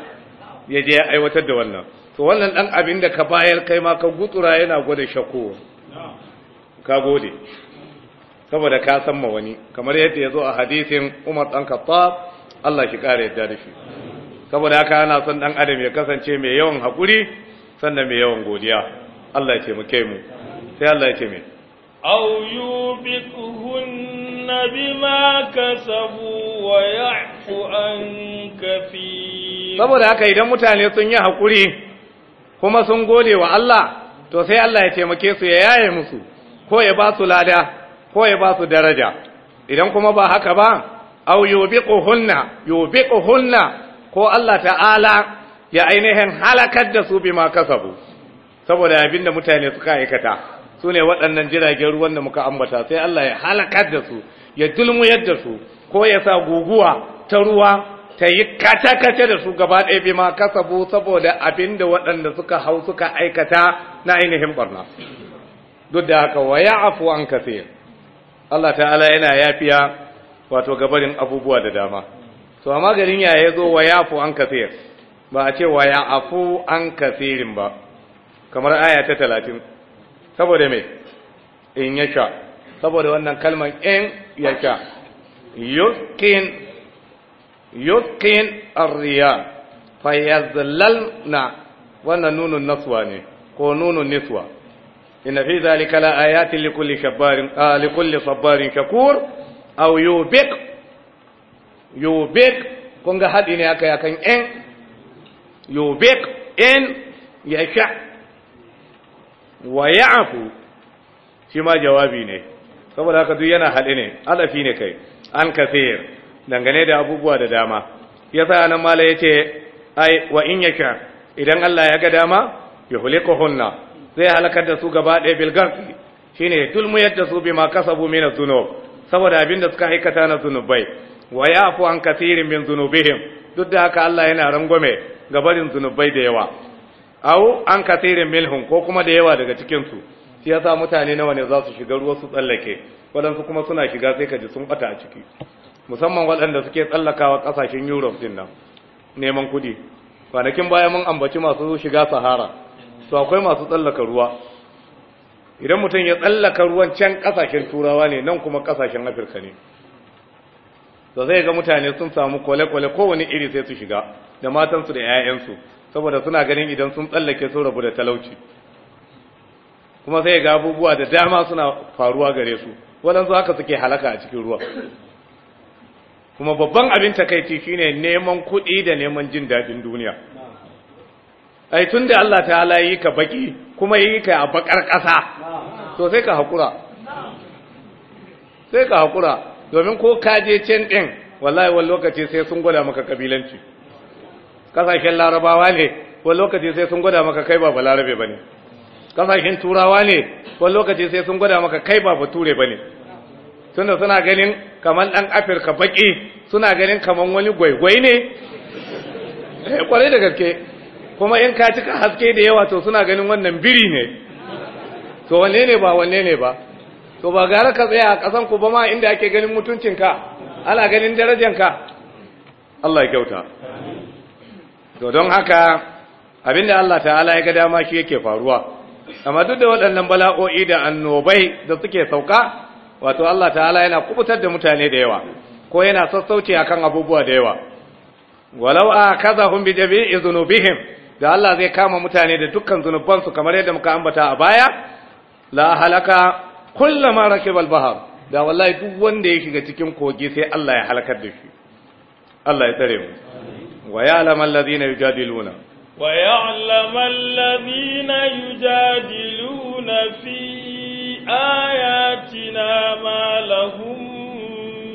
ya je ya aiwatar da wannan to wannan ɗan abin da ka bayar kai ma ka gutsura yana gwada shakko ka gode saboda ka san ma wani kamar yadda ya zo a hadisin umar ɗan kafa Allah shi ƙara yadda da shi saboda haka ana son ɗan adam ya kasance mai yawan haƙuri sannan mai yawan godiya Allah ya ce mu kai mu sai Allah ya ce mai أو يوبقهن بما كسبوا ويعفو عن كثير saboda haka idan mutane sun yi hakuri kuma sun gode wa Allah to sai Allah ya taimake su ya yaye musu ko ya ba su lada ko ya ba su daraja idan kuma ba haka ba aw yubiquhunna yubiquhunna ko Allah ta'ala ya ainihin halakar da su bima kasabu saboda abinda mutane suka aikata su ne waɗannan jiragen ruwan da muka ambata sai Allah ya halakar da su ya dulmu yadda su ko ya sa guguwa ta ruwa ta yi kace kata da su gaba ɗaya bi ma kasabu saboda abin da waɗanda suka hau suka aikata na ainihin barna duk da haka wa ya afu an kase Allah ta'ala yana yafiya wato gabarin abubuwa da dama so amma garin ya ya zo wa ya afu an kase ba a ce wa ya afu an kaserin ba kamar aya ta talatin saboda me in yasha saboda wannan kalman in yasha yuskin yuskin arriya fayazlalna wannan nunun naswa ne ko nunun niswa Ina fi zalika la ayatin likulli shabarin ah, kulli sabarin shakur aw yubik yubik kun ga hadi ne aka yakan in yubik in yasha wa ya'fu shi ma jawabi ne saboda haka duk yana haɗe ne alafi ne kai an kasir dangane da abubuwa da dama yasa anan mala yace ai wa in yaka idan Allah ya ga dama ya yuhlikuhunna zai halakar da su gaba ɗaya bil garfi shine tulmu yadda su bima kasabu min az-zunub saboda abin da suka aikata na zunubai wa afu an kathirin min zunubihim duk da haka Allah yana rangwame ga barin zunubai da yawa au an kasirin milhun ko kuma da yawa daga cikinsu shi yasa mutane nawa ne za su shiga ruwa su tsallake waɗansu kuma suna shiga sai ka ji sun ɓata a ciki musamman waɗanda suke tsallakawa ƙasashen europe din nan neman kuɗi kwanakin baya mun ambaci masu shiga sahara to akwai masu tsallaka ruwa idan mutum ya tsallaka ruwan can ƙasashen turawa ne nan kuma ƙasashen afirka ne da zai ga mutane sun samu kwale-kwale kowane iri sai su shiga da matansu da 'ya'yansu saboda suna ganin idan sun tsallake sau rabu da talauci kuma sai ga abubuwa da dama suna faruwa gare su waɗansu haka suke halaka a cikin ruwa kuma babban abin takaici shine neman kuɗi da neman jin daɗin duniya ai tun da Allah ta yi ka baki kuma yi ka a bakar ƙasa to sai ka haƙura sai ka haƙura domin ko ka je can ɗin wallahi wani lokaci sai sun gwada maka ƙabilanci kasashen larabawa ne wani lokaci sai sun gwada maka kai ba balarabe ba ne kasashen turawa ne wani lokaci sai sun gwada maka kai ba bature ba ne tunda suna ganin kamar ɗan afirka baƙi suna ganin kamar wani gwaigwai ne kwarai eh, da gaske kuma in ka cika haske da yawa to suna ganin wannan biri ne to wanne ne ba wanne ne ba to ba gara ka tsaya a ƙasan ku ba ma inda ake ganin mutuncinka ana ganin darajanka Allah ya kyauta to don haka abinda Allah ta'ala ya ga dama shi yake faruwa amma duk da waɗannan bala'o'i da annobai da suke sauka wato Allah ta'ala yana kubutar da mutane da yawa ko yana sassauci akan abubuwa da yawa walau akazahum bi jami'i dhunubihim da Allah zai kama mutane da dukkan su kamar yadda muka ambata a baya la halaka kullama rakibal bahar da wallahi duk wanda ya shiga cikin kogi sai Allah ya halakar da shi Allah ya tsare mu ويعلم الذين يجادلون ويعلم الذين يجادلون في آياتنا ما لهم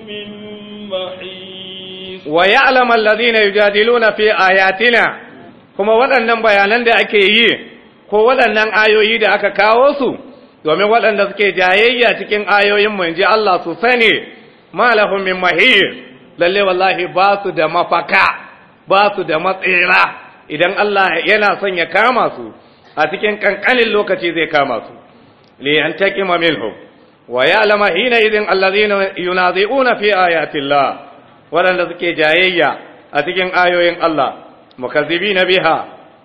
من محيص ويعلم الذين يجادلون في آياتنا kuma waɗannan bayanan da ake yi ko waɗannan ayoyi da aka kawo su domin waɗanda suke jayayya cikin ayoyin mu Allah su sani ma min mahir lalle wallahi ba su da mafaka ba su da matsera idan Allah yana son ya kama su a cikin kankanin lokaci zai kama su li yantakima minhum wa ya'lama hina idin allazina yunazi'una fi ayati Allah waɗanda suke jayayya a cikin ayoyin Allah mukazzibina biha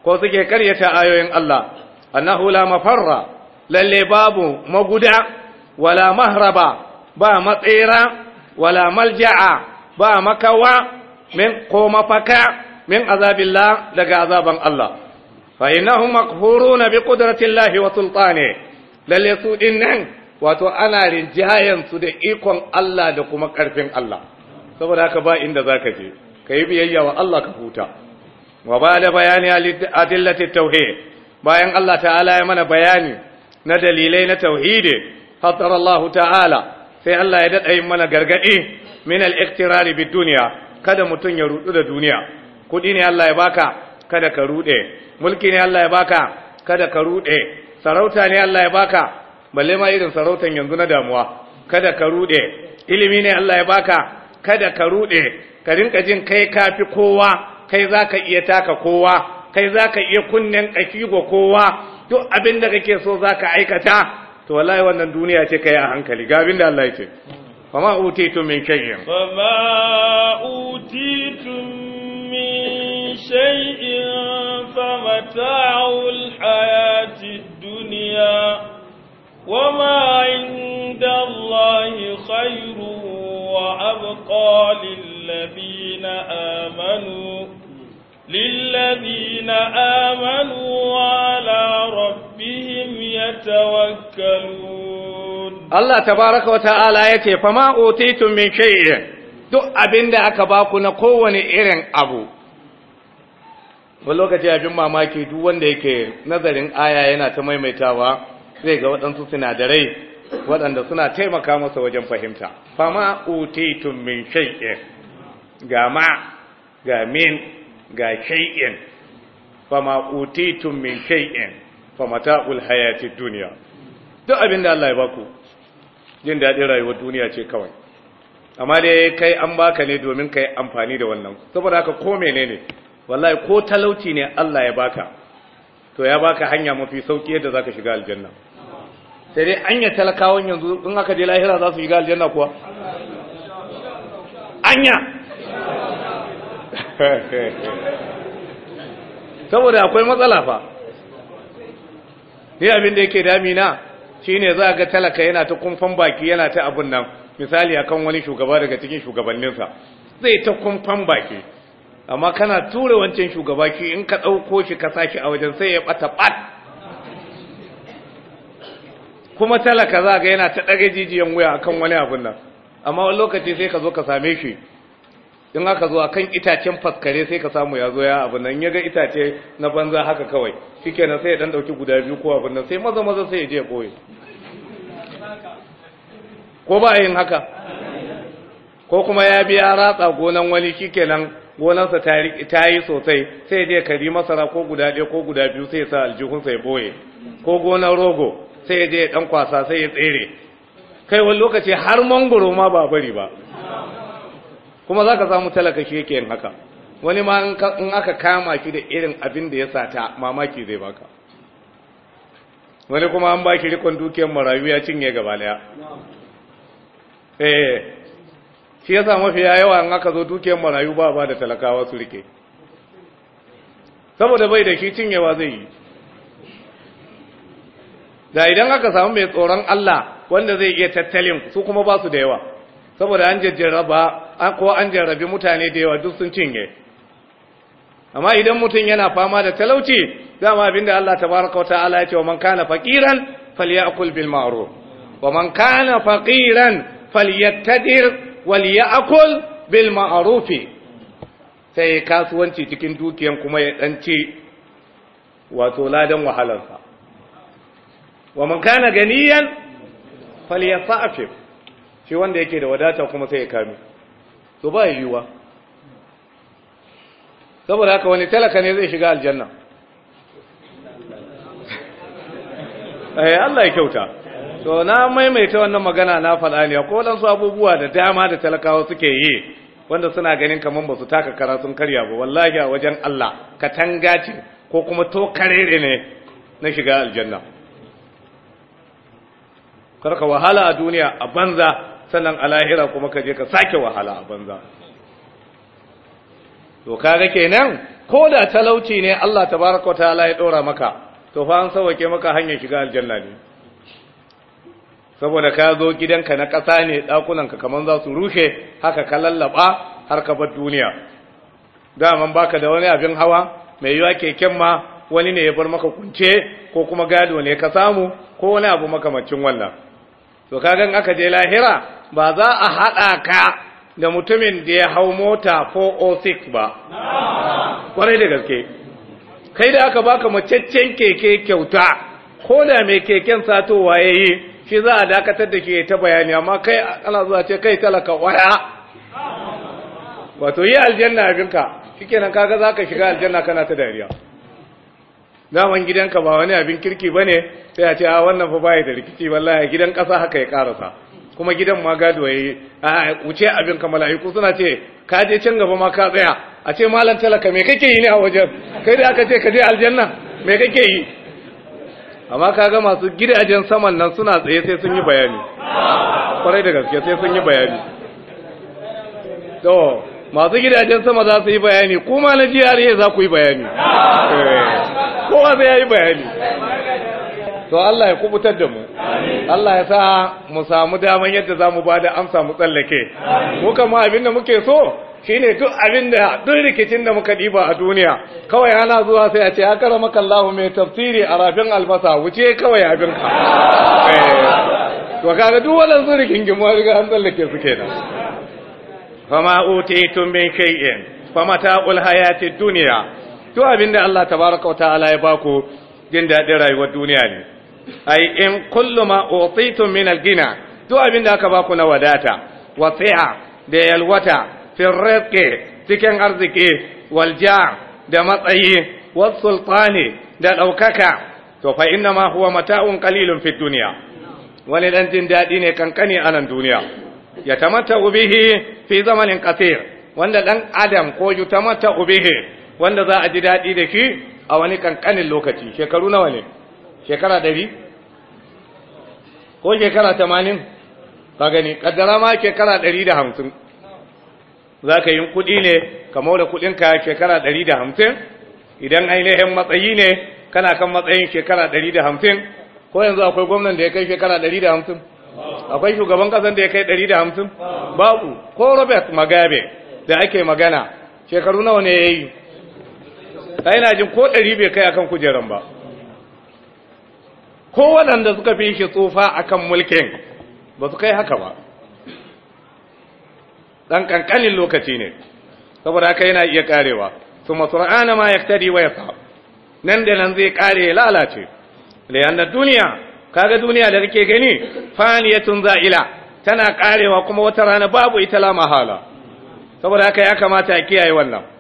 ko suke karyata ayoyin Allah annahu la mafarra lalle babu maguda wala mahraba ba matsera wala malja'a ba makawa min ko mafaka min azabillah daga azaban Allah fa innahum na bi qudratillahi wa sultani lalle su din nan wato ana rinjayen su da ikon Allah da kuma karfin Allah saboda haka ba inda zaka je yi biyayya wa Allah ka huta wa ba da bayani adillati tauhid bayan Allah ta'ala ya mana bayani na dalilai na tauhidi hatara ta'ala sai Allah ya daɗa yin mana gargaɗi min al-iqtirari bid-dunya kada mutum ya rudu da duniya kuɗi ne Allah ya baka kada ka rude mulki ne Allah ya baka kada ka rude sarauta ne Allah ya baka balle ma irin sarautan yanzu na damuwa kada ka rude ilimi ne Allah ya baka kada ka rude ka rinka jin kai kafi kowa kai zaka iya taka kowa kai zaka iya kunnen kaki go kowa duk abin da kake so zaka aikata to wallahi wannan duniya ce kai a hankali ga abin Allah yake فما أوتيتم من شيء فما أوتيتم من شيء فمتاع الحياة الدنيا وما عند الله خير وأبقى للذين آمنوا للذين آمنوا وعلى ربهم يتوكلون الله تبارك وتعالى يتي فما أوتيتم من شيء duk abinda aka baku na kowane irin abu wani lokaci abin mamaki duk wanda yake nazarin aya yana ta maimaitawa zai ga waɗansu sinadarai waɗanda suna taimaka masa wajen fahimta fama utitun min shay'in ga ma ga min ga shay'in fama utitum min shay'in famata'ul hayati dunya duk abin da Allah ya baku jin daɗin rayuwar duniya ce kawai amma dai kai an baka ne domin kai amfani da wannan saboda haka ko menene wallahi ko talauci ne Allah ya baka to ya baka hanya mafi sauki yadda zaka shiga aljanna sai dai anya talakawan yanzu in aka je lahira za su shiga aljanna kuwa anya saboda akwai matsala fa ni abin da yake damina shine za ga talaka yana ta kumfan baki yana ta abin nan misali akan wani shugaba daga cikin shugabanninsa zai ta kumfan baki amma kana tura wancan shugaba ki in ka ɗauko shi ka sashi a wajen sai ya ɓata ɓat kuma talaka za ga yana ta ɗaga jijiyan wuya akan wani abin nan amma wani lokaci sai ka zo ka same shi in aka zo akan itacen faskare sai ka samu ya zo ya abu nan ya ga itace na banza haka kawai shikenan sai ya dan dauki guda biyu ko abin nan sai maza maza sai ya je ya koye ko ba yin haka ko kuma ya biya ratsa gonan wani shikenan gonarsa ta yi sosai sai ya je kari masara ko guda ɗaya ko guda biyu sai ya sa aljihunsa ya boye ko gonar rogo sai ya je ya dan kwasa sai ya tsere kai wani lokaci har mangoro ma ba bari ba kuma za ka samu talaka shi yake yin haka wani ma in aka kama shi da irin abin da ya sata mamaki zai baka wani kuma an baki rikon dukiyar marayu ya cinye gaba daya eh shi sa mafi yawa in aka zo dukiyar marayu ba ba da talakawa su rike saboda bai da shi cinyewa zai yi da idan aka samu mai tsoron Allah wanda zai iya tattalin su kuma ba su da yawa saboda an ba. Kuwa ko an jarrabi mutane da yawa duk sun cinye amma idan mutum yana fama da talauci dama abinda Allah tabaraka wa ta'ala ya ce wa man kana faqiran falyakul bil ma'ruf wa man kana faqiran falyattadir walyakul bil ma'ruf sai kasuwanci cikin dukiyan kuma ya danci wato ladan wahalarsa wa man kana ganiyan falyasafif shi wanda yake da wadata kuma sai ya kame to ba yiwuwa saboda haka wani talaka ne zai shiga aljanna eh Allah ya kyauta to na maimaita wannan magana na faɗa ne ko dan su abubuwa da dama da talakawa suke yi wanda suna ganin kaman ba su taka kara sun karya ba wallahi a wajen Allah katanga ce ko kuma to karere ne na shiga aljanna karka wahala a duniya a banza sannan a lahira kuma ka je ka sake wahala a banza to kaga kenan ko da talauci ne Allah tabaraka wa ta'ala ya dora maka to fa an sauke maka hanyar shiga aljanna ne saboda ka zo gidanka na ƙasa ne ɗakunanka kaman za su rushe haka ka lallaba har ka bar duniya daman baka da wani abin hawa mai yiwa keken ma wani ne ya bar maka kunce ko kuma gado ne ka samu ko wani abu makamacin wannan to kagan aka je lahira ba za a haɗa ka da mutumin da ya hau mota 406 ba kwarai da gaske kai da aka baka macaccen keke kyauta ko da mai keken satowa ya yi shi za a dakatar da ke ta bayani amma kai ana zuwa ce kai talaka waya wato yi aljanna abinka shi kenan kaga za ka shiga aljanna kana ta dariya daman gidanka ba wani abin kirki ba ne sai a ce a ah, wannan fa baya da rikici wallahi gidan ƙasa haka ya karasa kuma gidan ma gado ya yi a ah, wuce abin ka mala'iku suna ce ka je can gaba ma ka tsaya a ce malam talaka me kake yi ne a wajen kai da aka ce ka je aljanna me kake yi amma ka ga masu gidajen saman nan suna tsaye sai sun yi bayani kwarai da gaske sai sun yi bayani to masu gidajen sama za su yi bayani kuma na GRA za ku yi bayani eh. kowa sai ya yi bayani to Allah ya kubutar da mu Allah ya sa mu samu daman yadda zamu mu ba da amsa mu tsallake mu kama abinda muke so shine duk abinda duk rikicin da muka diba a duniya kawai ana zuwa sai a ce ya kara mai tafsiri a rafin albasa wuce kawai abin ka eh, to kaga duk wannan zurikin gimu riga an tsallake su kenan fama utitum min shay'in ta'ul hayatid dunya duk abin da Allah tabaraka wa ta'ala ya baku jin daɗin rayuwar duniya ne ai in kullu ma utitum min al-gina duk abin da aka baku na wadata wasi'a da yalwata fi rizqi cikin arziki walja da matsayi was sultani da ɗaukaka. to fa inna ma huwa mata'un qalilun fi duniya. wani dan jin daɗi ne kankani a nan duniya ya tamatta bihi fi zamanin qasir wanda dan adam ko yutamata bihi wanda za a ji daɗi da shi a wani ƙanƙanin lokaci shekaru nawa ne shekara ɗari ko shekara tamanin ka gani ƙaddara ma shekara ɗari da hamsin za ka yi kuɗi ne ka maula kuɗinka shekara ɗari da hamsin idan ainihin matsayi ne kana kan matsayin shekara ɗari da hamsin ko yanzu akwai gwamnan da ya kai shekara ɗari da hamsin akwai shugaban ƙasan da ya kai ɗari da hamsin babu ko robert magabe da ake magana shekaru nawa ne ya yi kai na jin ko ɗari bai kai akan kujeran ba ko waɗanda suka fi shi tsufa akan mulkin ba su kai haka ba ɗan ƙanƙanin lokaci ne saboda haka yana iya ƙarewa su masur'ana ma ya tari waya nan da nan zai ƙare ya lalace da duniya kaga duniya da kake gani faniyatun za'ila tana ƙarewa kuma wata rana babu ita la mahala saboda haka ya kamata a kiyaye wannan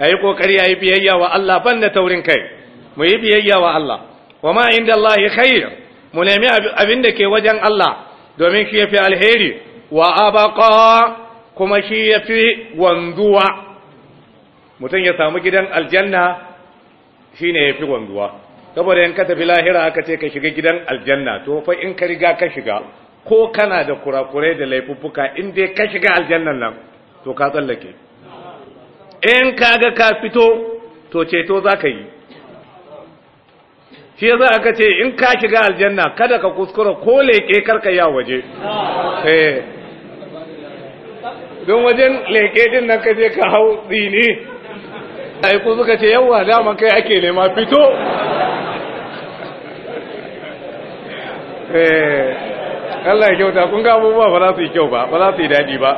a yi ƙoƙari a yi biyayya wa Allah ban da taurin kai mu yi biyayya wa Allah wa ma inda Allah ya mu nemi abin da ke wajen Allah domin shi ya fi alheri wa abaka kuma shi ya fi wanzuwa mutum ya samu gidan aljanna shi ne ya fi wanzuwa saboda in ka tafi lahira aka ce ka shiga gidan aljanna to fa in ka riga ka shiga ko kana da kurakurai da laifuffuka in dai ka shiga aljannan nan to ka tsallake in kaga ka fito to ceto za ka yi shi za ka ce in ka shiga aljanna kada ka kuskura ko leƙe karka ya waje eh. don wajen leƙe din nan ka je ka hau tsini aiku suka ce yawa dama kai ake nema fito eh. Allah ya kyauta kun ga abubuwa ba za su yi kyau ba ba za su yi daɗi ba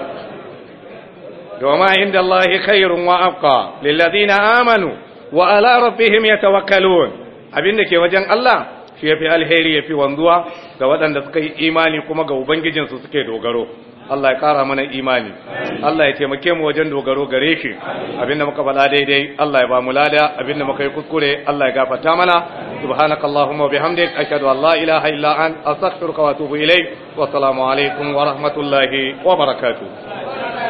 wa ma inda Allah khairun wa abqa lil ladina amanu wa ala rabbihim yatawakkalun abinda ke wajen Allah shi yafi alheri yafi wanzuwa ga waɗanda suka yi imani kuma ga ubangijinsu suke dogaro Allah ya kara mana imani Allah ya taimake mu wajen dogaro gare shi abinda muka bala daidai Allah ya ba mu lada abinda muka yi kuskure Allah ya gafarta mana subhanakallahumma wa bihamdik ashhadu an la ilaha illa an astaghfiruka wa atubu ilayk wa assalamu alaikum wa rahmatullahi wa barakatuh